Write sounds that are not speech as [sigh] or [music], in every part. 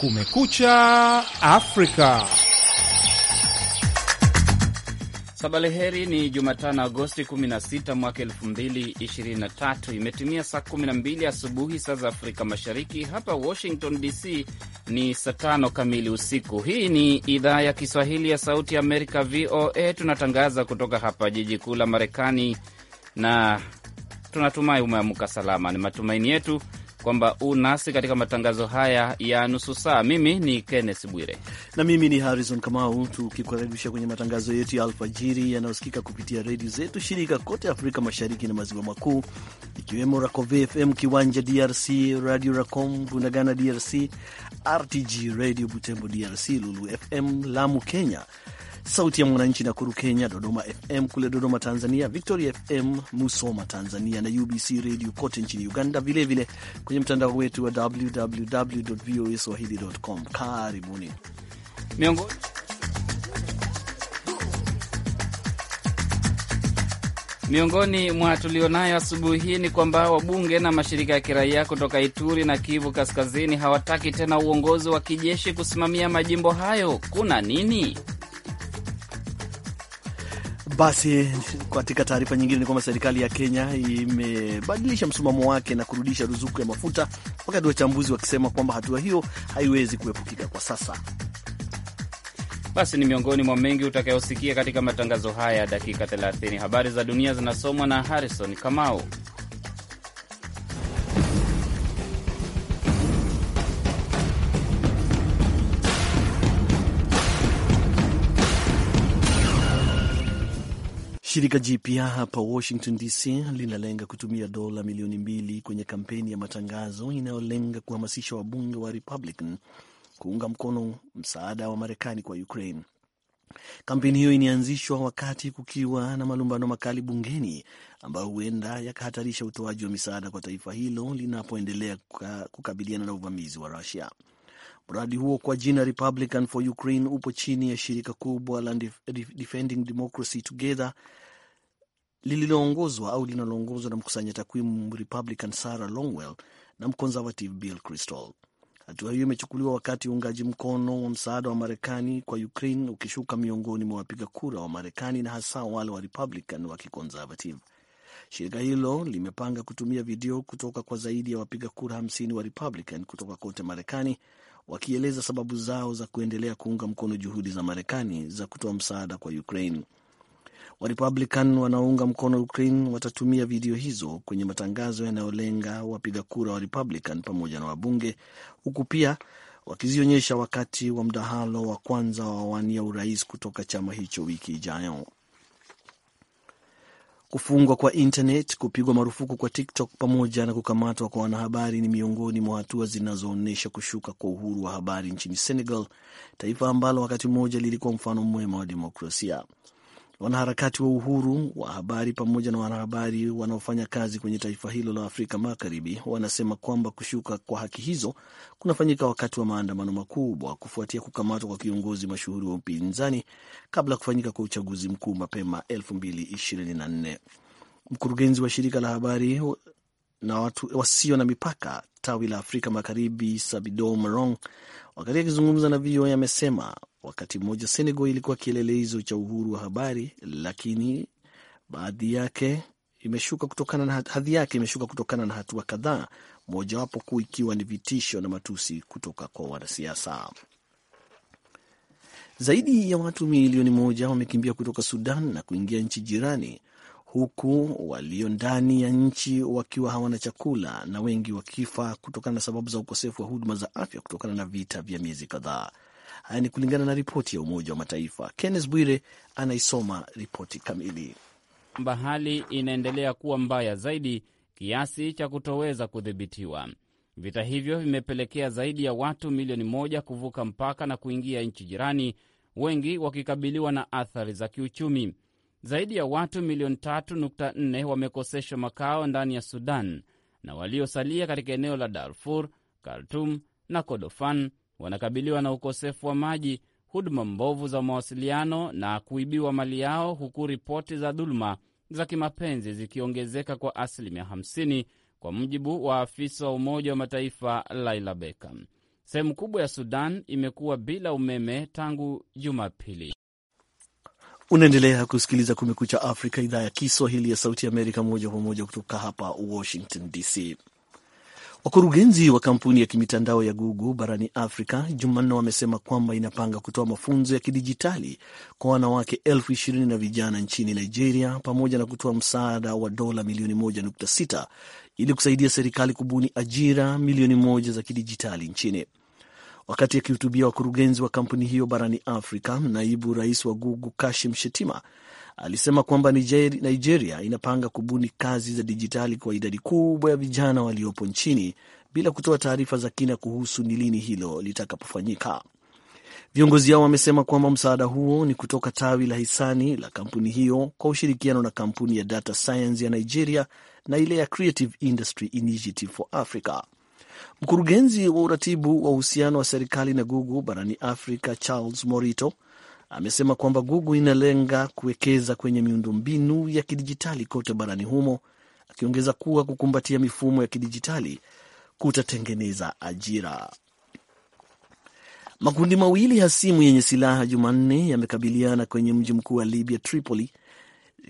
Kumekucha Afrika. Sabaleheri, ni Jumatano, Agosti 16 mwaka 2023. Imetimia saa 12 asubuhi saa za Afrika Mashariki. Hapa Washington DC ni saa tano kamili usiku. Hii ni idhaa ya Kiswahili ya Sauti ya Amerika, VOA. Tunatangaza kutoka hapa jiji kuu la Marekani na tunatumai umeamuka salama, ni matumaini yetu kwamba u nasi katika matangazo haya ya nusu saa. Mimi ni Kenneth Bwire na mimi ni Harrison Kamau, tukikukaribisha kwenye matangazo yetu ya alfajiri yanayosikika kupitia redio zetu shirika kote Afrika Mashariki na Maziwa Makuu, ikiwemo Rakove FM Kiwanja DRC, Radio Racom Bunagana DRC, RTG Radio Butembo DRC, Lulu FM Lamu Kenya, Sauti ya Mwananchi na Kuru Kenya, Dodoma FM kule Dodoma Tanzania, Victoria FM Musoma Tanzania, na UBC Radio kote nchini Uganda, vilevile kwenye mtandao wetu wa www voa swahili.com. Karibuni Miongo. Miongoni mwa tulionayo asubuhi hii ni kwamba wabunge na mashirika ya kiraia kutoka Ituri na Kivu Kaskazini hawataki tena uongozi wa kijeshi kusimamia majimbo hayo. Kuna nini? Basi katika taarifa nyingine ni kwamba serikali ya Kenya imebadilisha msimamo wake na kurudisha ruzuku ya mafuta, wakati wachambuzi wakisema kwamba hatua hiyo haiwezi kuepukika kwa sasa. Basi ni miongoni mwa mengi utakayosikia katika matangazo haya ya dakika 30. Habari za dunia zinasomwa na Harrison Kamau. Shirika jipya hapa Washington DC linalenga kutumia dola milioni mbili kwenye kampeni ya matangazo inayolenga kuhamasisha wabunge wa Republican kuunga mkono msaada wa Marekani kwa Ukraine. Kampeni hiyo inaanzishwa wakati kukiwa na malumbano makali bungeni ambayo huenda yakahatarisha utoaji wa misaada kwa taifa hilo linapoendelea kukabiliana na uvamizi wa Rusia. Mradi huo kwa jina Republican for Ukraine upo chini ya shirika kubwa la Defending Democracy Together lililoongozwa au linaloongozwa na mkusanya takwimu Republican Sarah Longwell na mconservative Bill Kristol. Hatua hiyo imechukuliwa wakati uungaji mkono wa msaada wa Marekani kwa Ukraine ukishuka miongoni mwa wapiga kura wa Marekani na hasa wale wa Republican wa kiconservative. Shirika hilo limepanga kutumia video kutoka kwa zaidi ya wapiga kura hamsini wa Republican kutoka kote Marekani wakieleza sababu zao za kuendelea kuunga mkono juhudi za Marekani za kutoa msaada kwa Ukraine. Warepublican wanaounga mkono Ukraine watatumia video hizo kwenye matangazo yanayolenga wapiga kura wa Republican pamoja na wabunge, huku pia wakizionyesha wakati wa mdahalo wa kwanza wa wania urais kutoka chama hicho wiki ijayo. Kufungwa kwa internet, kupigwa marufuku kwa TikTok pamoja na kukamatwa kwa wanahabari ni miongoni mwa hatua zinazoonyesha kushuka kwa uhuru wa habari nchini Senegal, taifa ambalo wakati mmoja lilikuwa mfano mwema wa demokrasia wanaharakati wa uhuru wa habari pamoja na wanahabari wanaofanya kazi kwenye taifa hilo la Afrika Magharibi wanasema kwamba kushuka kwa haki hizo kunafanyika wakati wa maandamano makubwa kufuatia kukamatwa kwa kiongozi mashuhuri wa upinzani kabla ya kufanyika kwa uchaguzi mkuu mapema 2024. Mkurugenzi wa shirika la habari na watu wasio na mipaka tawi la Afrika Magharibi sabido Marong wakati akizungumza na VOA amesema wakati mmoja Senegal ilikuwa kielelezo cha uhuru wa habari, lakini baadhi yake imeshuka kutokana na hadhi yake imeshuka kutokana na hatua kadhaa, mojawapo kuu ikiwa ni vitisho na matusi kutoka kwa wanasiasa. Zaidi ya watu milioni moja wamekimbia kutoka Sudan na kuingia nchi jirani huku walio ndani ya nchi wakiwa hawana chakula na wengi wakifa kutokana na sababu za ukosefu wa huduma za afya kutokana na vita vya miezi kadhaa. Haya ni kulingana na ripoti ya Umoja wa Mataifa. Kenneth Bwire anaisoma ripoti kamili. Kwamba hali inaendelea kuwa mbaya zaidi kiasi cha kutoweza kudhibitiwa. Vita hivyo vimepelekea zaidi ya watu milioni moja kuvuka mpaka na kuingia nchi jirani, wengi wakikabiliwa na athari za kiuchumi. Zaidi ya watu milioni 3.4 wamekoseshwa makao ndani ya Sudan na waliosalia katika eneo la Darfur, Khartum na Kordofan wanakabiliwa na ukosefu wa maji, huduma mbovu za mawasiliano na kuibiwa mali yao, huku ripoti za dhuluma za kimapenzi zikiongezeka kwa asilimia 50 kwa mujibu wa afisa wa Umoja wa Mataifa Laila Beckham. Sehemu kubwa ya Sudan imekuwa bila umeme tangu Jumapili. Unaendelea kusikiliza Kumekucha Afrika, idhaa ya Kiswahili ya Sauti Amerika, moja kwa moja kutoka hapa Washington DC. Wakurugenzi wa kampuni ya kimitandao ya Google barani Afrika Jumanne wamesema kwamba inapanga kutoa mafunzo ya kidijitali kwa wanawake elfu ishirini na vijana nchini Nigeria, pamoja na kutoa msaada wa dola milioni 1.6 ili kusaidia serikali kubuni ajira milioni moja za kidijitali nchini. Wakati akihutubia wakurugenzi wa kampuni hiyo barani Afrika, naibu rais wa Google Kashim Shetima alisema kwamba Nigeria inapanga kubuni kazi za dijitali kwa idadi kubwa ya vijana waliopo nchini bila kutoa taarifa za kina kuhusu ni lini hilo litakapofanyika. Viongozi hao wamesema kwamba msaada huo ni kutoka tawi la hisani la kampuni hiyo kwa ushirikiano na kampuni ya Data Science ya Nigeria na ile ya Creative Industry Initiative for Africa. Mkurugenzi wa uratibu wa uhusiano wa serikali na Google barani Afrika, Charles Morito, amesema kwamba Google inalenga kuwekeza kwenye miundombinu ya kidijitali kote barani humo, akiongeza kuwa kukumbatia mifumo ya kidijitali kutatengeneza ajira. Makundi mawili hasimu yenye silaha Jumanne yamekabiliana kwenye mji mkuu wa Libya, Tripoli,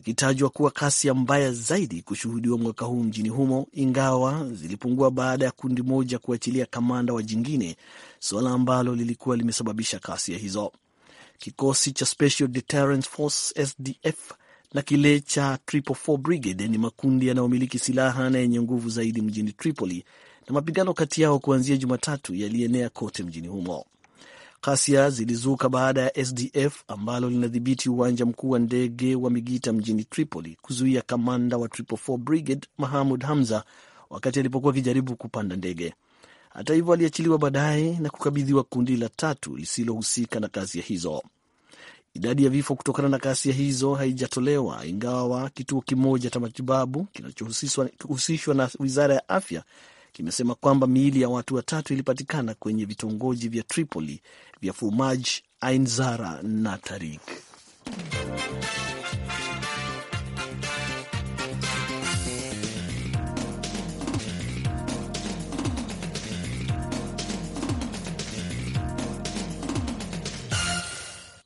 ikitajwa kuwa kasi mbaya zaidi kushuhudiwa mwaka huu mjini humo, ingawa zilipungua baada ya kundi moja kuachilia kamanda wa jingine, suala ambalo lilikuwa limesababisha kasia hizo. Kikosi cha Special Deterrence Force SDF na kile cha Triple Brigade ni makundi yanayomiliki silaha na yenye nguvu zaidi mjini Tripoli, na mapigano kati yao kuanzia Jumatatu yalienea kote mjini humo. Ghasia zilizuka baada ya SDF ambalo linadhibiti uwanja mkuu wa ndege wa Migita mjini Tripoli kuzuia kamanda wa 444 Brigade Mahamud Hamza wakati alipokuwa akijaribu kupanda ndege. Hata hivyo, aliachiliwa baadaye na kukabidhiwa kundi la tatu lisilohusika na ghasia hizo. Idadi ya vifo kutokana na ghasia hizo haijatolewa, ingawa kituo kimoja cha matibabu kinachohusishwa na wizara ya afya kimesema kwamba miili ya watu watatu ilipatikana kwenye vitongoji vya Tripoli vya Fumaj, ainzara na Tarik.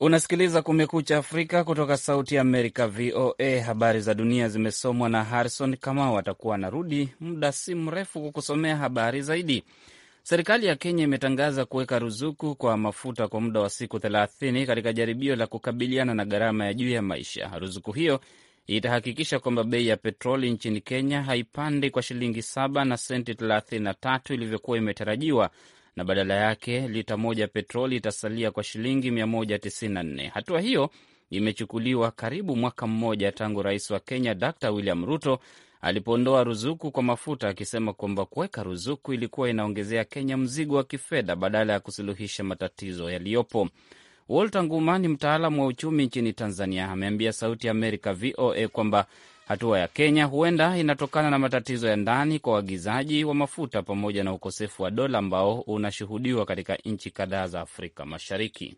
Unasikiliza Kumekucha Afrika kutoka Sauti ya Amerika, VOA. Habari za dunia zimesomwa na Harrison Kamau. Atakuwa anarudi muda si mrefu kukusomea habari zaidi. Serikali ya Kenya imetangaza kuweka ruzuku kwa mafuta kwa muda wa siku 30 katika jaribio la kukabiliana na gharama ya juu ya maisha. Ruzuku hiyo itahakikisha kwamba bei ya petroli nchini Kenya haipandi kwa shilingi 7 na senti 33 ilivyokuwa imetarajiwa na badala yake lita moja petroli itasalia kwa shilingi 194. Hatua hiyo imechukuliwa karibu mwaka mmoja tangu rais wa Kenya Dr William Ruto alipoondoa ruzuku kwa mafuta akisema kwamba kuweka ruzuku ilikuwa inaongezea Kenya mzigo wa kifedha badala ya kusuluhisha matatizo yaliyopo. Walter Nguma ni mtaalamu wa uchumi nchini Tanzania. Ameambia Sauti ya Amerika VOA kwamba hatua ya Kenya huenda inatokana na matatizo ya ndani kwa uagizaji wa mafuta pamoja na ukosefu wa dola ambao unashuhudiwa katika nchi kadhaa za Afrika Mashariki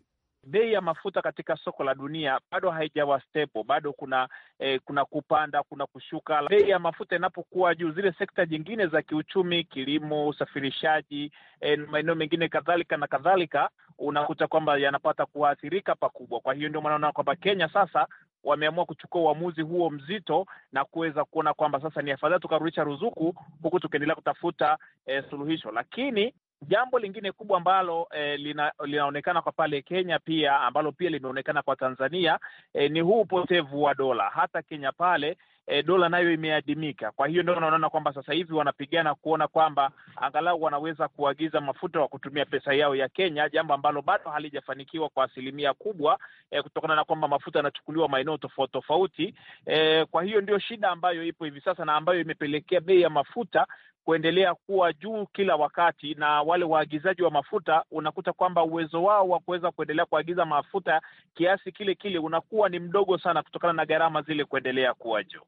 bei ya mafuta katika soko la dunia bado haijawa stable, bado kuna eh, kuna kupanda, kuna kushuka. Bei ya mafuta inapokuwa juu, zile sekta jingine za kiuchumi, kilimo, usafirishaji eh, maeneo mengine kadhalika na kadhalika, unakuta kwamba yanapata kuathirika pakubwa. Kwa hiyo ndio maana unaona kwamba Kenya sasa wameamua kuchukua uamuzi huo mzito na kuweza kuona kwamba sasa ni afadhali tukarudisha ruzuku huku tukiendelea kutafuta eh, suluhisho, lakini Jambo lingine kubwa ambalo eh, lina, linaonekana kwa pale Kenya pia ambalo pia limeonekana kwa Tanzania eh, ni huu upotevu wa dola. Hata Kenya pale eh, dola nayo imeadimika. Kwa hiyo ndio unaona kwamba sasa hivi wanapigana kuona kwamba angalau wanaweza kuagiza mafuta wa kutumia pesa yao ya Kenya, jambo ambalo bado halijafanikiwa kwa asilimia kubwa eh, kutokana na kwamba mafuta yanachukuliwa maeneo tofauti tofauti. Eh, kwa hiyo ndio shida ambayo ipo hivi sasa na ambayo imepelekea bei ya mafuta kuendelea kuwa juu kila wakati, na wale waagizaji wa mafuta unakuta kwamba uwezo wao wa kuweza kuendelea kuagiza mafuta kiasi kile kile unakuwa ni mdogo sana, kutokana na gharama zile kuendelea kuwa juu.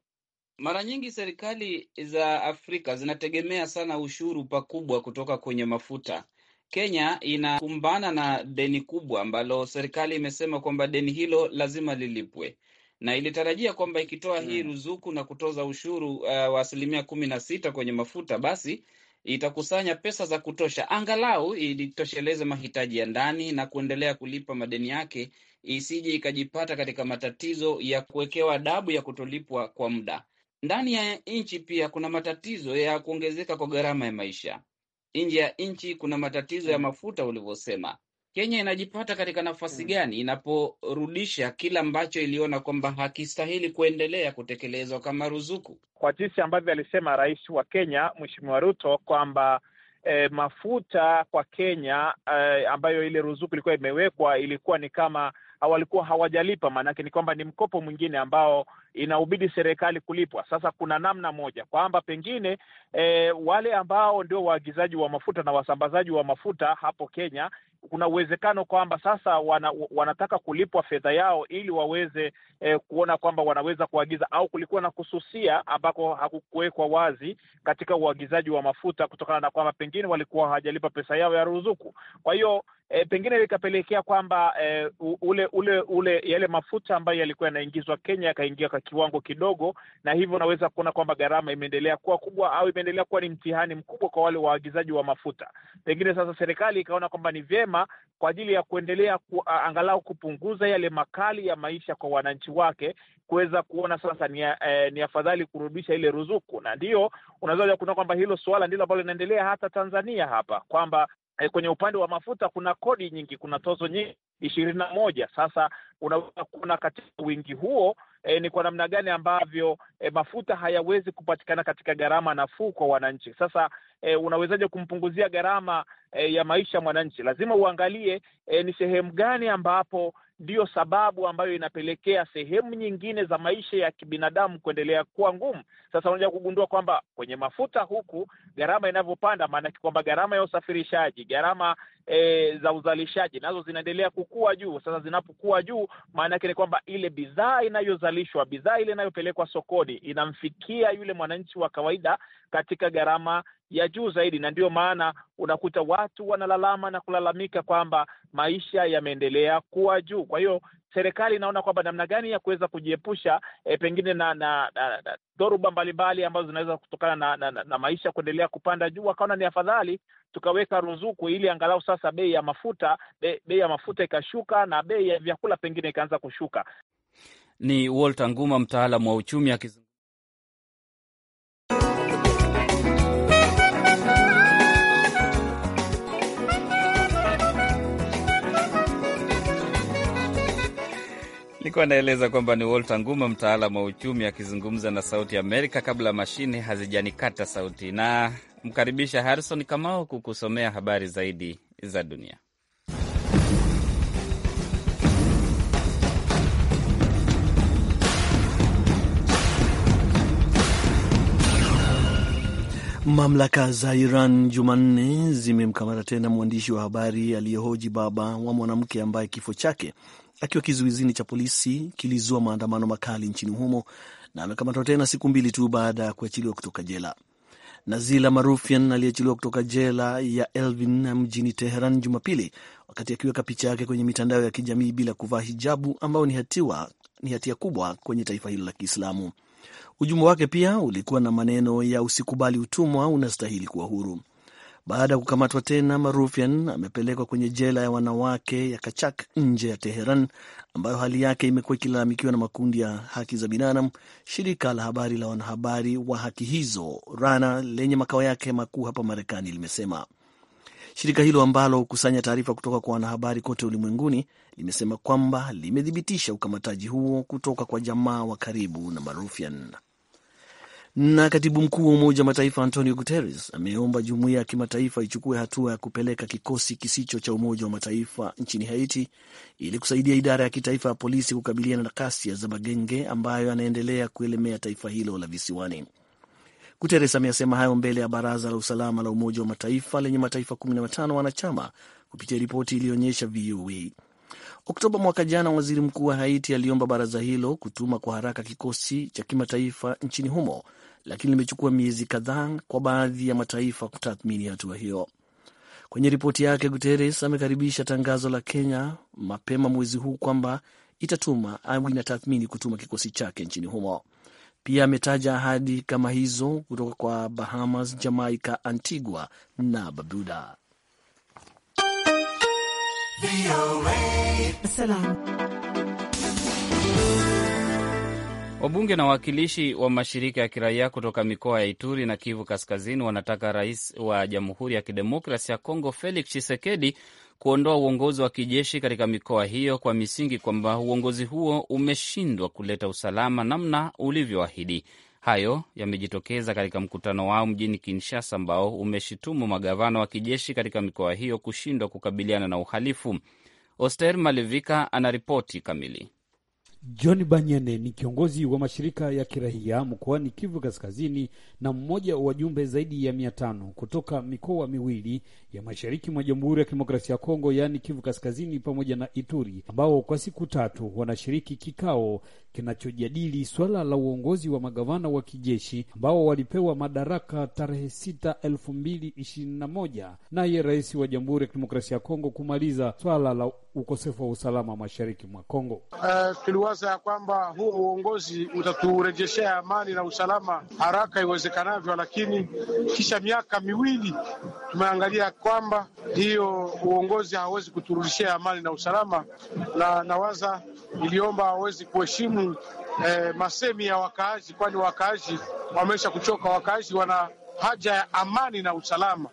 Mara nyingi serikali za Afrika zinategemea sana ushuru pakubwa kutoka kwenye mafuta. Kenya inakumbana na deni kubwa ambalo serikali imesema kwamba deni hilo lazima lilipwe na ilitarajia kwamba ikitoa hmm, hii ruzuku na kutoza ushuru uh, wa asilimia kumi na sita kwenye mafuta basi itakusanya pesa za kutosha angalau ilitosheleze mahitaji ya ndani na kuendelea kulipa madeni yake, isije ikajipata katika matatizo ya kuwekewa adabu ya kutolipwa kwa muda. Ndani ya nchi pia kuna matatizo ya kuongezeka kwa gharama ya maisha. Nje ya nchi kuna matatizo ya hmm. mafuta ulivyosema, Kenya inajipata katika nafasi hmm. gani inaporudisha kile ambacho iliona kwamba hakistahili kuendelea kutekelezwa kama ruzuku? Kwa jinsi ambavyo alisema rais wa Kenya Mheshimiwa Ruto kwamba e, mafuta kwa Kenya e, ambayo ile ruzuku ilikuwa imewekwa ilikuwa ni kama walikuwa hawajalipa, maanake ni kwamba ni mkopo mwingine ambao inaubidi serikali kulipwa. Sasa kuna namna moja kwamba pengine e, wale ambao ndio waagizaji wa mafuta na wasambazaji wa mafuta hapo Kenya, kuna uwezekano kwamba sasa wana, wanataka kulipwa fedha yao ili waweze e, kuona kwamba wanaweza kuagiza, au kulikuwa na kususia ambako hakukuwekwa wazi katika uagizaji wa mafuta kutokana na kwamba pengine walikuwa hawajalipa pesa yao ya ruzuku. Kwa hiyo e, pengine ikapelekea kwamba e, ule ule ule yale mafuta ambayo yalikuwa yanaingizwa Kenya yakaingia kiwango kidogo, na hivyo unaweza kuona kwamba gharama imeendelea kuwa kubwa au imeendelea kuwa ni mtihani mkubwa kwa wale waagizaji wa mafuta. Pengine sasa serikali ikaona kwamba ni vyema kwa ajili ya kuendelea ku, angalau kupunguza yale makali ya maisha kwa wananchi wake kuweza kuona sasa ni, eh, ni afadhali kurudisha ile ruzuku, na ndio unaweza kuona kwamba hilo suala ndilo ambalo linaendelea hata Tanzania hapa kwamba e, kwenye upande wa mafuta kuna kodi nyingi, kuna tozo nyingi ishirini na moja. Sasa unaweza kuona katika wingi huo e, ni kwa namna gani ambavyo e, mafuta hayawezi kupatikana katika gharama nafuu kwa wananchi. Sasa e, unawezaje kumpunguzia gharama e, ya maisha mwananchi? Lazima uangalie e, ni sehemu gani ambapo ndiyo sababu ambayo inapelekea sehemu nyingine za maisha ya kibinadamu kuendelea kuwa ngumu. Sasa unaja kugundua kwamba kwenye mafuta huku gharama inavyopanda, maanake kwamba gharama ya usafirishaji, gharama e, za uzalishaji nazo zinaendelea kukua juu. Sasa zinapokuwa juu, maanake ni kwamba ile bidhaa inayoza inapozalishwa, bidhaa ile inayopelekwa sokoni inamfikia yule mwananchi wa kawaida katika gharama ya juu zaidi, na ndiyo maana unakuta watu wanalalama na kulalamika kwamba maisha yameendelea kuwa juu. Kwa hiyo serikali inaona kwamba namna gani ya kuweza kujiepusha e, pengine na, na, na, na dhoruba mbalimbali ambazo zinaweza kutokana na, na, na, na maisha kuendelea kupanda juu, wakaona ni afadhali tukaweka ruzuku ili angalau sasa bei ya mafuta bei ya mafuta ikashuka na bei ya vyakula pengine ikaanza kushuka. Ni Walter Nguma, mtaalamu wa uchumi akiz Nilikuwa naeleza kwamba ni Walter Nguma, mtaalam wa uchumi akizungumza na Sauti Amerika kabla mashine hazijanikata sauti. Na mkaribisha Harrison Kamau kukusomea habari zaidi za dunia. Mamlaka za Iran Jumanne zimemkamata tena mwandishi wa habari aliyehoji baba wa mwanamke ambaye kifo chake akiwa kizuizini cha polisi kilizua maandamano makali nchini humo, na amekamatwa tena siku mbili tu baada ya kuachiliwa kutoka jela. Nazila Marufian aliyeachiliwa kutoka jela ya Elvin mjini Teheran Jumapili wakati akiweka picha yake kwenye mitandao ya kijamii bila kuvaa hijabu, ambayo ni hatia kubwa kwenye taifa hilo la Kiislamu. Ujumbe wake pia ulikuwa na maneno ya usikubali utumwa, unastahili kuwa huru. Baada ya kukamatwa tena, Marufian amepelekwa kwenye jela ya wanawake ya Kachak nje ya Teheran, ambayo hali yake imekuwa ikilalamikiwa na makundi ya haki za binadamu. Shirika la habari la wanahabari wa haki hizo Rana lenye makao yake makuu hapa Marekani limesema shirika hilo ambalo hukusanya taarifa kutoka kwa wanahabari kote ulimwenguni limesema kwamba limethibitisha ukamataji huo kutoka kwa jamaa wa karibu na Marufian. Na katibu mkuu wa Umoja wa Mataifa Antonio Guterres ameomba jumuiya ya kimataifa ichukue hatua ya kupeleka kikosi kisicho cha Umoja wa Mataifa nchini Haiti ili kusaidia idara ya kitaifa ya polisi kukabiliana na kasia za magenge ambayo yanaendelea kuelemea taifa hilo la visiwani. Guterres ameyasema hayo mbele ya Baraza la Usalama la Umoja wa Mataifa lenye mataifa 15 wanachama kupitia ripoti iliyoonyesha VOA Oktoba mwaka jana, waziri mkuu wa Haiti aliomba baraza hilo kutuma kwa haraka kikosi cha kimataifa nchini humo, lakini limechukua miezi kadhaa kwa baadhi ya mataifa kutathmini hatua hiyo. Kwenye ripoti yake, Guterres amekaribisha tangazo la Kenya mapema mwezi huu kwamba itatuma au inatathmini kutuma kikosi chake nchini humo. Pia ametaja ahadi kama hizo kutoka kwa Bahamas, Jamaica, Antigua na Barbuda. Wabunge na wawakilishi wa mashirika ya kiraia kutoka mikoa ya Ituri na Kivu Kaskazini wanataka rais wa Jamhuri ya Kidemokrasi ya Kongo Felix Tshisekedi kuondoa uongozi wa kijeshi katika mikoa hiyo kwa misingi kwamba uongozi huo umeshindwa kuleta usalama namna ulivyoahidi. Hayo yamejitokeza katika mkutano wao mjini Kinshasa ambao umeshitumu magavana wa kijeshi katika mikoa hiyo kushindwa kukabiliana na uhalifu. Oster Malivika anaripoti kamili. John Banyene ni kiongozi wa mashirika ya kirahia mkoani Kivu Kaskazini na mmoja wa jumbe zaidi ya mia tano kutoka mikoa miwili ya mashariki mwa Jamhuri ya Kidemokrasia ya Kongo, yaani Kivu Kaskazini pamoja na Ituri, ambao kwa siku tatu wanashiriki kikao kinachojadili swala la uongozi wa magavana wa kijeshi ambao walipewa madaraka tarehe sita elfu mbili ishirini na moja naye rais wa Jamhuri ya Kidemokrasia ya Kongo kumaliza swala la ukosefu wa usalama mashariki mwa Kongo. Uh, eh, tuliwaza ya kwamba huo uongozi utaturejeshea amani na usalama haraka iwezekanavyo, lakini kisha miaka miwili tumeangalia kwamba hiyo uongozi hawezi kuturudishia amani na usalama, na nawaza iliomba hawezi kuheshimu eh, masemi ya wakaaji, kwani wakaaji wamesha kuchoka. Wakaaji wana haja ya amani na usalama,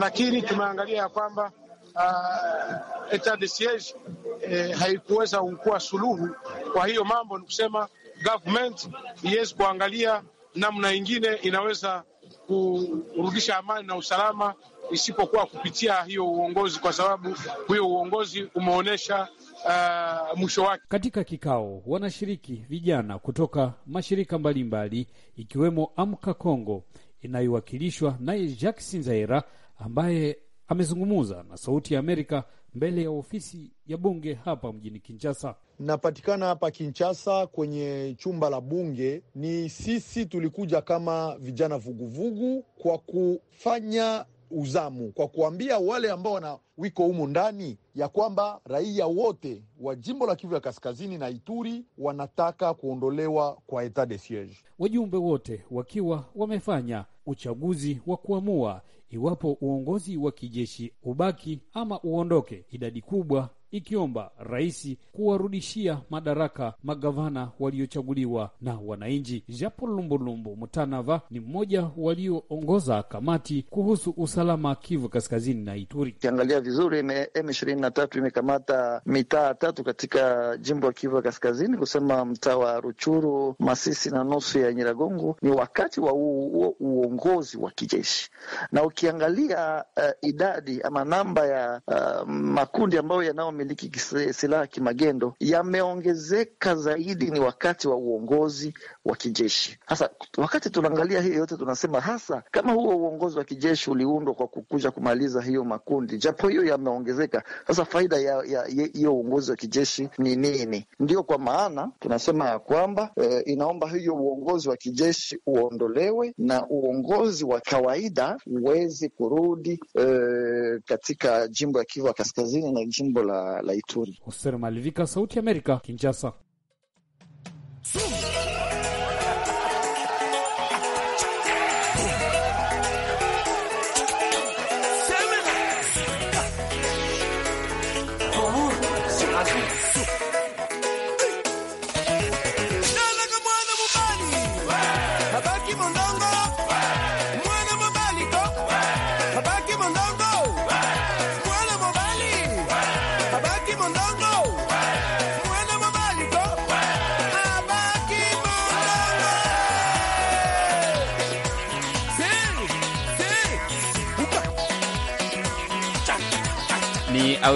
lakini tumeangalia ya kwamba uh, ah, etat de siege eh, haikuweza kuwa suluhu. Kwa hiyo mambo ni kusema government iwezi kuangalia namna ingine inaweza kurudisha amani na usalama isipokuwa kupitia hiyo uongozi, kwa sababu huyo uongozi umeonyesha uh, ah, mwisho wake. Katika kikao wanashiriki vijana kutoka mashirika mbalimbali ikiwemo Amka Kongo inayowakilishwa naye Jackson Sinzaira ambaye amezungumza na Sauti ya Amerika mbele ya ofisi ya bunge hapa mjini Kinshasa. Napatikana hapa Kinshasa kwenye chumba la bunge. Ni sisi tulikuja kama vijana vuguvugu kwa kufanya uzamu kwa kuambia wale ambao wana wiko humu ndani ya kwamba raia wote wa jimbo la Kivu ya Kaskazini na Ituri wanataka kuondolewa kwa etat de siege, wajumbe wote wakiwa wamefanya uchaguzi wa kuamua Iwapo uongozi wa kijeshi ubaki ama uondoke, idadi kubwa ikiomba rais kuwarudishia madaraka magavana waliochaguliwa na wananchi. Japo Lumbulumbu Mutanava ni mmoja walioongoza kamati kuhusu usalama Kivu Kaskazini na Ituri. Ukiangalia vizuri, M ishirini na tatu imekamata mitaa tatu katika jimbo ya Kivu ya Kaskazini, kusema mtaa wa Ruchuru, Masisi na nusu ya Nyiragongo. Ni wakati wa huo uongozi wa kijeshi, na ukiangalia uh, idadi ama namba ya uh, makundi ambayo yanao miliki silaha kimagendo yameongezeka zaidi ni wakati wa uongozi wa kijeshi. Sasa wakati tunaangalia hiyo yote, tunasema hasa kama huo uongozi wa kijeshi uliundwa kwa kukuja kumaliza hiyo makundi, japo hiyo yameongezeka, sasa faida ya hiyo uongozi wa kijeshi ni nini? Ndio kwa maana tunasema ya kwamba e, inaomba hiyo uongozi wa kijeshi uondolewe na uongozi wa kawaida uweze kurudi e, katika jimbo ya Kivu ya kaskazini na jimbo la la Ituri. Hoser Malivika, Sauti Amerika, Kinshasa.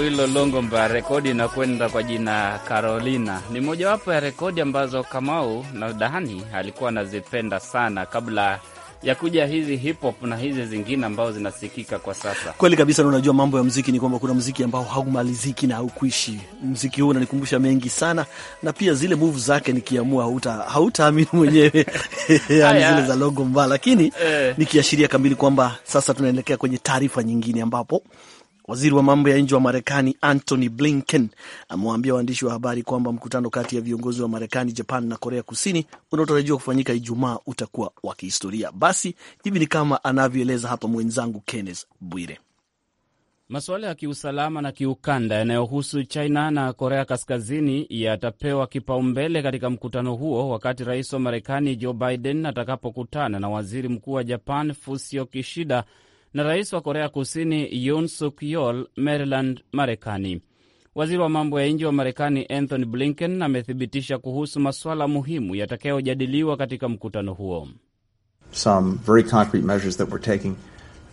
Awilo Longomba, rekodi inakwenda kwa jina Carolina. Ni mojawapo ya rekodi ambazo Kamau na Dani alikuwa anazipenda sana kabla ya kuja hizi hip hop na hizi zingine ambazo zinasikika kwa sasa. Kweli kabisa. Na unajua mambo ya mziki ni kwamba kuna mziki ambao haumaliziki na haukuishi. Mziki huu unanikumbusha mengi sana, na pia zile move zake nikiamua, hauta hautaamini mwenyewe [laughs] [laughs] yani zile za Longomba, lakini eh, nikiashiria kamili kwamba sasa tunaelekea kwenye taarifa nyingine ambapo Waziri wa mambo ya nje wa Marekani Antony Blinken amewaambia waandishi wa habari kwamba mkutano kati ya viongozi wa Marekani, Japan na Korea Kusini unaotarajiwa kufanyika Ijumaa utakuwa wa kihistoria. Basi hivi ni kama anavyoeleza hapa mwenzangu Kenneth Bwire. Masuala ya kiusalama na kiukanda yanayohusu China na Korea Kaskazini yatapewa kipaumbele katika mkutano huo, wakati rais wa Marekani Joe Biden atakapokutana na waziri mkuu wa Japan Fumio Kishida na rais wa Korea Kusini Yoon Suk Yeol Maryland, Marekani. Waziri wa mambo ya nje wa Marekani Anthony Blinken amethibitisha kuhusu masuala muhimu yatakayojadiliwa katika mkutano huo.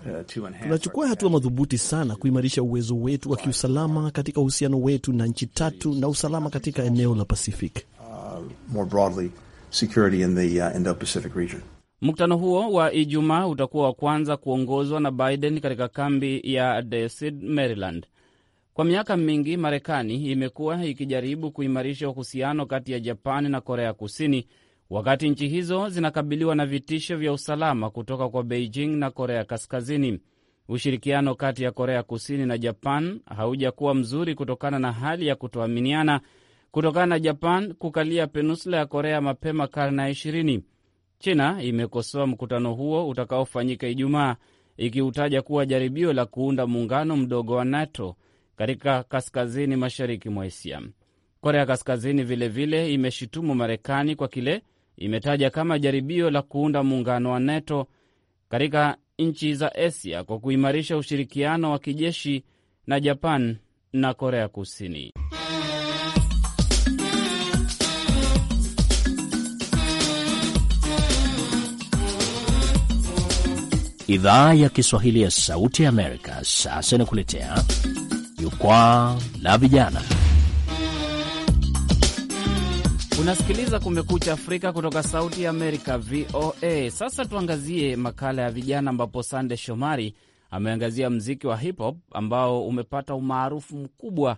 Uh, Tunachukua hatua madhubuti sana kuimarisha uwezo wetu wa kiusalama katika uhusiano wetu na nchi tatu na usalama katika eneo la Pacific. Uh, more broadly, security in the, uh, Indo-Pacific region. Mkutano huo wa Ijumaa utakuwa wa kwanza kuongozwa na Biden katika kambi ya Desid, Maryland. Kwa miaka mingi, Marekani imekuwa ikijaribu kuimarisha uhusiano kati ya japan na Korea Kusini, wakati nchi hizo zinakabiliwa na vitisho vya usalama kutoka kwa Beijing na Korea Kaskazini. Ushirikiano kati ya Korea Kusini na Japan haujakuwa mzuri kutokana na hali ya kutoaminiana kutokana na Japan kukalia peninsula ya Korea mapema karne ya ishirini. China imekosoa mkutano huo utakaofanyika Ijumaa ikiutaja kuwa jaribio la kuunda muungano mdogo wa NATO katika kaskazini mashariki mwa Asia. Korea Kaskazini vilevile vile Marekani kwa kile imetaja kama jaribio la kuunda muungano wa NATO katika nchi za Asia kwa kuimarisha ushirikiano wa kijeshi na Japan na Korea Kusini. Idhaa ya Kiswahili ya Sauti ya Amerika sasa inakuletea jukwaa la vijana. Unasikiliza Kumekucha Afrika kutoka Sauti ya Amerika, VOA. Sasa tuangazie makala ya vijana, ambapo Sande Shomari ameangazia mziki wa hip hop ambao umepata umaarufu mkubwa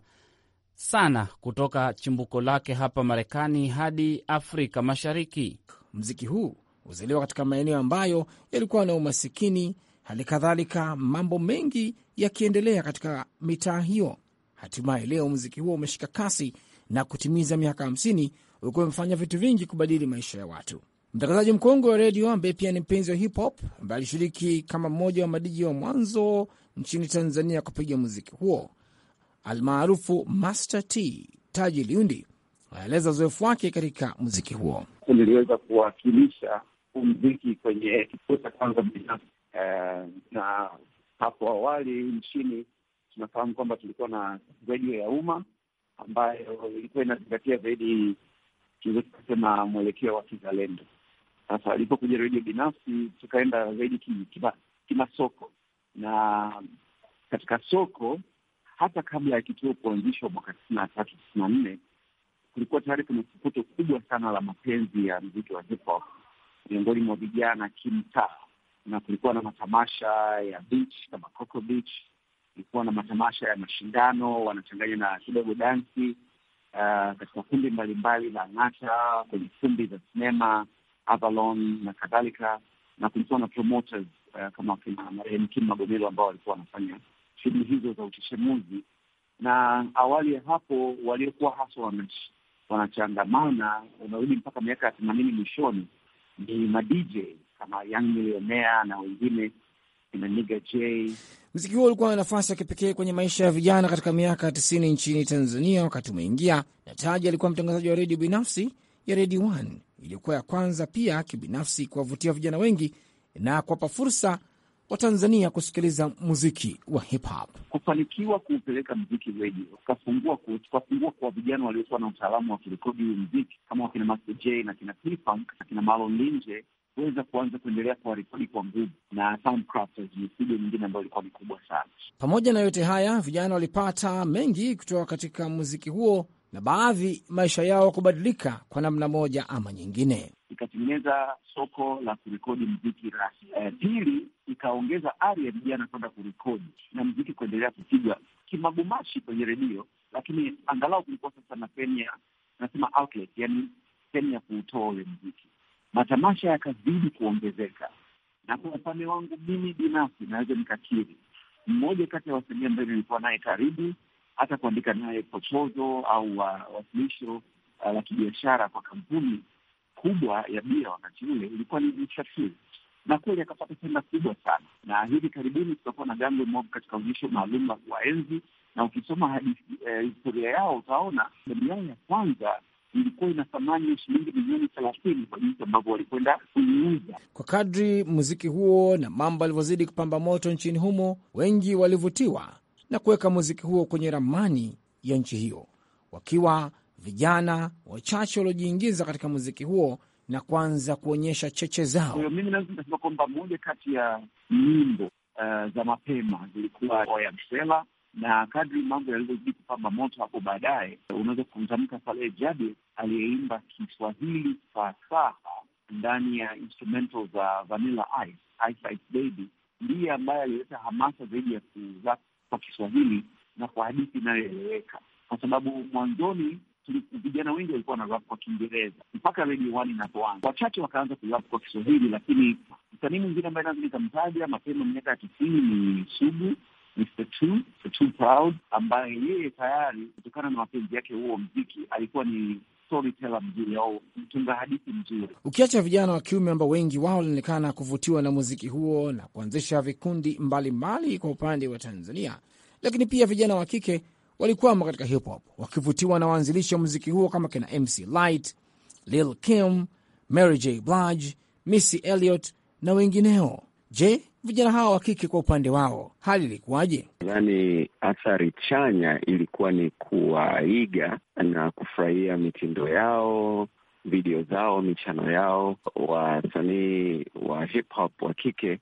sana kutoka chimbuko lake hapa Marekani hadi Afrika Mashariki. Mziki huu huzaliwa katika maeneo ambayo yalikuwa na umasikini. Hali kadhalika mambo mengi yakiendelea katika mitaa hiyo. Hatimaye leo muziki huo umeshika kasi na kutimiza miaka hamsini, ulikuwa umefanya vitu vingi kubadili maisha ya watu. Mtangazaji mkongwe wa redio ambaye pia ni mpenzi wa hip hop, ambaye alishiriki kama mmoja wa madiji wa mwanzo nchini Tanzania kupiga muziki huo almaarufu Master T Taji Liundi anaeleza uzoefu wake katika muziki huo. Niliweza kuwakilisha huu mziki kwenye kituo cha kwanza binafsi eh, na hapo awali nchini tunafahamu kwamba tulikuwa na redio ya umma ambayo ilikuwa inazingatia zaidi tunaweza mwelekeo wa kizalendo. Sasa alipokuja redio binafsi, tukaenda zaidi kimasoko ki, na katika soko, hata kabla ya kituo kuanzishwa mwaka tisini na tatu tisini na nne kulikuwa tayari kuna fukuto kubwa sana la mapenzi ya mziki wa hip hop miongoni mwa vijana kimtaa, na kulikuwa na matamasha ya beach kama Coco Beach, kulikuwa na matamasha ya mashindano wanachanganya na kidogo dansi uh, katika kumbi mbalimbali la ng'ata kwenye kumbi za sinema Avalon na kadhalika, na kulikuwa na promoters uh, kama marehemu Kim Magomelo ambao walikuwa wanafanya shughuli hizo za uchechemuzi, na awali ya hapo waliokuwa haswa wanachangamana, unarudi mpaka miaka ya themanini mwishoni, ni madj kama Young Millionaire na wengine kina Niga J. Mziki huo ulikuwa na nafasi ya kipekee kwenye maisha ya vijana katika miaka ya tisini nchini Tanzania. Wakati umeingia na Taji alikuwa mtangazaji wa redio binafsi ya redi One iliyokuwa ya kwanza pia kibinafsi kuwavutia vijana wengi na kuwapa fursa Watanzania kusikiliza muziki wa hip hop. Kufanikiwa kuupeleka mziki redio, tukafungua kwa vijana waliokuwa na utaalamu wa kurekodi huyu mziki kama wakina Master J na kina P-Funk na kina Marlon Linje kuweza kuanza kuendelea kwa rekodi kwa nguvu na Soundcraft ni studio nyingine ambayo ilikuwa ni kubwa sana. Pamoja na yote haya, vijana walipata mengi kutoka katika muziki huo na baadhi maisha yao kubadilika kwa namna moja ama nyingine ikatengeneza soko la kurekodi mziki rasmi. E, pili ikaongeza ari ya vijana kwenda kurekodi na mziki kuendelea kupigwa kimagumashi kwenye redio, lakini angalau kulikuwa sasa na sehemu ya nasema outlet, yani sehemu ya kuutoa ule mziki. Matamasha yakazidi kuongezeka, na kwa upande wangu mimi binafsi naweza nikakiri, mmoja kati ya wasanii ambayo nilikuwa naye karibu hata kuandika naye pochozo au wasilisho uh, la kibiashara kwa kampuni kubwa ya bia wakati ule ilikuwa ni Mshatili, na kweli akapata tenda kubwa sana, na hivi karibuni tutakuwa na Gangwe Mob katika onyesho maalum la kuwaenzi, na ukisoma hadi eh, historia yao utaona bendi yao ya kwanza ilikuwa ina thamani ya shilingi milioni thelathini kwa jinsi ambavyo walikwenda kuiuza. Kwa kadri muziki huo na mambo alivyozidi kupamba moto nchini humo, wengi walivutiwa na kuweka muziki huo kwenye ramani ya nchi hiyo, wakiwa vijana wachache waliojiingiza katika muziki huo na kuanza kuonyesha cheche zao. Mimi naweza nikasema kwamba moja kati ya nyimbo uh, za mapema zilikuwa Oya Msela, na kadri mambo yalivyozidi kupamba moto hapo baadaye, unaweza kumtamka Saleh Jabir aliyeimba Kiswahili fasaha ndani ya instrumental za Vanilla Ice, Ice Ice Baby, ndiye ambaye alileta hamasa zaidi ya kuzaa kwa Kiswahili na kwa hadithi inayoeleweka, kwa sababu mwanzoni vijana wengi walikuwa wanarap kwa Kiingereza mpaka Radio One inapoanza, wachache wakaanza kurap kwa Kiswahili. Lakini msanii mwingine ambaye nazo nikamtaja mapema miaka ya tisini ni Sugu Mr. Two, Mr. Two Proud ambaye yeye tayari kutokana na mapenzi yake huo mziki alikuwa ni storyteller mzuri au mtunga hadithi mzuri. Ukiacha vijana wa kiume ambao wengi wao walionekana kuvutiwa na muziki huo na kuanzisha vikundi mbalimbali mbali kwa upande wa Tanzania, lakini pia vijana wa kike walikwama katika hip hop, wakivutiwa na waanzilishi wa muziki huo kama kina MC Light, Lil Kim, Mary J Blige, Missy Elliott na wengineo. Je, vijana hawa wa kike kwa upande wao hali ilikuwaje? Nadhani athari chanya ilikuwa ni kuwaiga na kufurahia mitindo yao, video zao, michano yao, wasanii wa hip hop wa kike,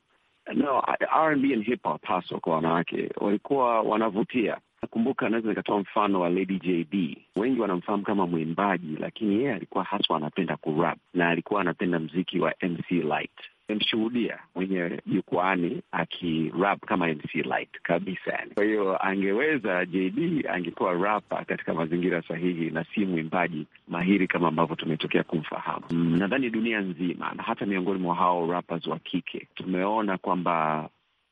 no R&B and hip hop haswa kwa wanawake walikuwa wanavutia Nakumbuka naweza nikatoa mfano wa Lady JB. Wengi wanamfahamu kama mwimbaji, lakini yeye alikuwa haswa anapenda kurap na alikuwa anapenda mziki wa MC Light. Nimshuhudia mwenyewe jukwaani akirap kama MC Light kabisa, yani. Kwa hiyo angeweza JB angekuwa rapa katika mazingira sahihi na si mwimbaji mahiri kama ambavyo tumetokea kumfahamu. Mm, nadhani dunia nzima na hata miongoni mwa hao rappers wa kike tumeona kwamba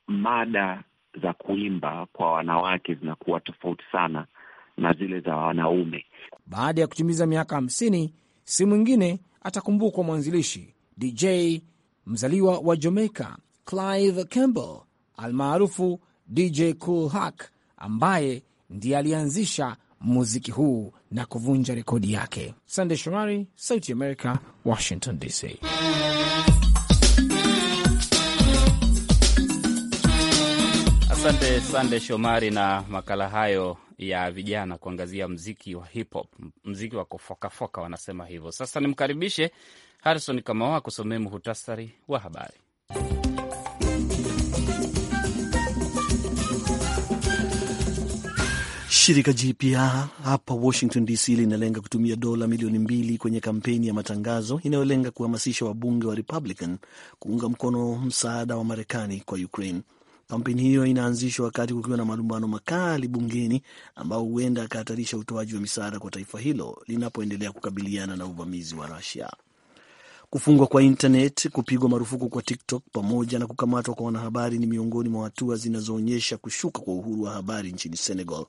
mada za kuimba kwa wanawake zinakuwa tofauti sana na zile za wanaume. Baada ya kutimiza miaka hamsini, si mwingine atakumbukwa mwanzilishi DJ mzaliwa wa Jamaica Clive Campbell almaarufu DJ Cool Herc ambaye ndiye alianzisha muziki huu na kuvunja rekodi yake. Sandey Shomari, Sauti America, Washington DC. Asante Sande Shomari na makala hayo ya vijana kuangazia mziki wa hip hop, mziki wa kufokafoka wanasema hivyo. Sasa nimkaribishe Harison Kamau akusomee muhutasari wa habari. Shirika jipya hapa Washington DC linalenga kutumia dola milioni mbili kwenye kampeni ya matangazo inayolenga kuhamasisha wabunge wa Republican kuunga mkono msaada wa Marekani kwa Ukraine. Kampeni hiyo inaanzishwa wakati kukiwa na malumbano makali bungeni ambao huenda akahatarisha utoaji wa misaada kwa taifa hilo linapoendelea kukabiliana na uvamizi wa Rusia. Kufungwa kwa internet, kupigwa marufuku kwa TikTok pamoja na kukamatwa kwa wanahabari ni miongoni mwa hatua zinazoonyesha kushuka kwa uhuru wa habari nchini Senegal,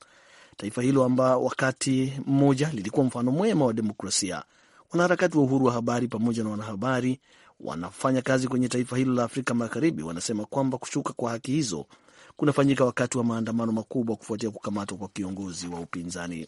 taifa hilo ambao wakati mmoja lilikuwa mfano mwema wa demokrasia. Wanaharakati wa uhuru wa habari pamoja na wanahabari wanafanya kazi kwenye taifa hilo la Afrika Magharibi wanasema kwamba kushuka kwa haki hizo kunafanyika wakati wa maandamano makubwa kufuatia kukamatwa kwa kiongozi wa upinzani.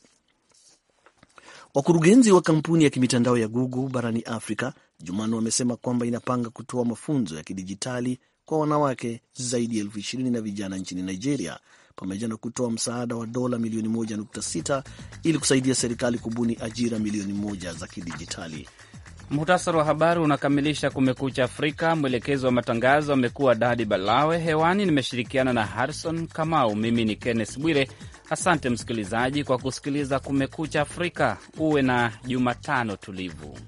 Wakurugenzi wa kampuni ya kimitandao ya Google barani Afrika Jumanne wamesema kwamba inapanga kutoa mafunzo ya kidijitali kwa wanawake zaidi ya elfu ishirini na vijana nchini Nigeria pamoja na kutoa msaada wa dola milioni 1.6 ili kusaidia serikali kubuni ajira milioni moja za kidijitali. Muhtasari wa habari unakamilisha Kumekucha Afrika. Mwelekezi wa matangazo amekuwa Dadi Balawe. Hewani nimeshirikiana na Harrison Kamau. Mimi ni Kenneth Bwire. Asante msikilizaji kwa kusikiliza Kumekucha Afrika. Uwe na Jumatano tulivu.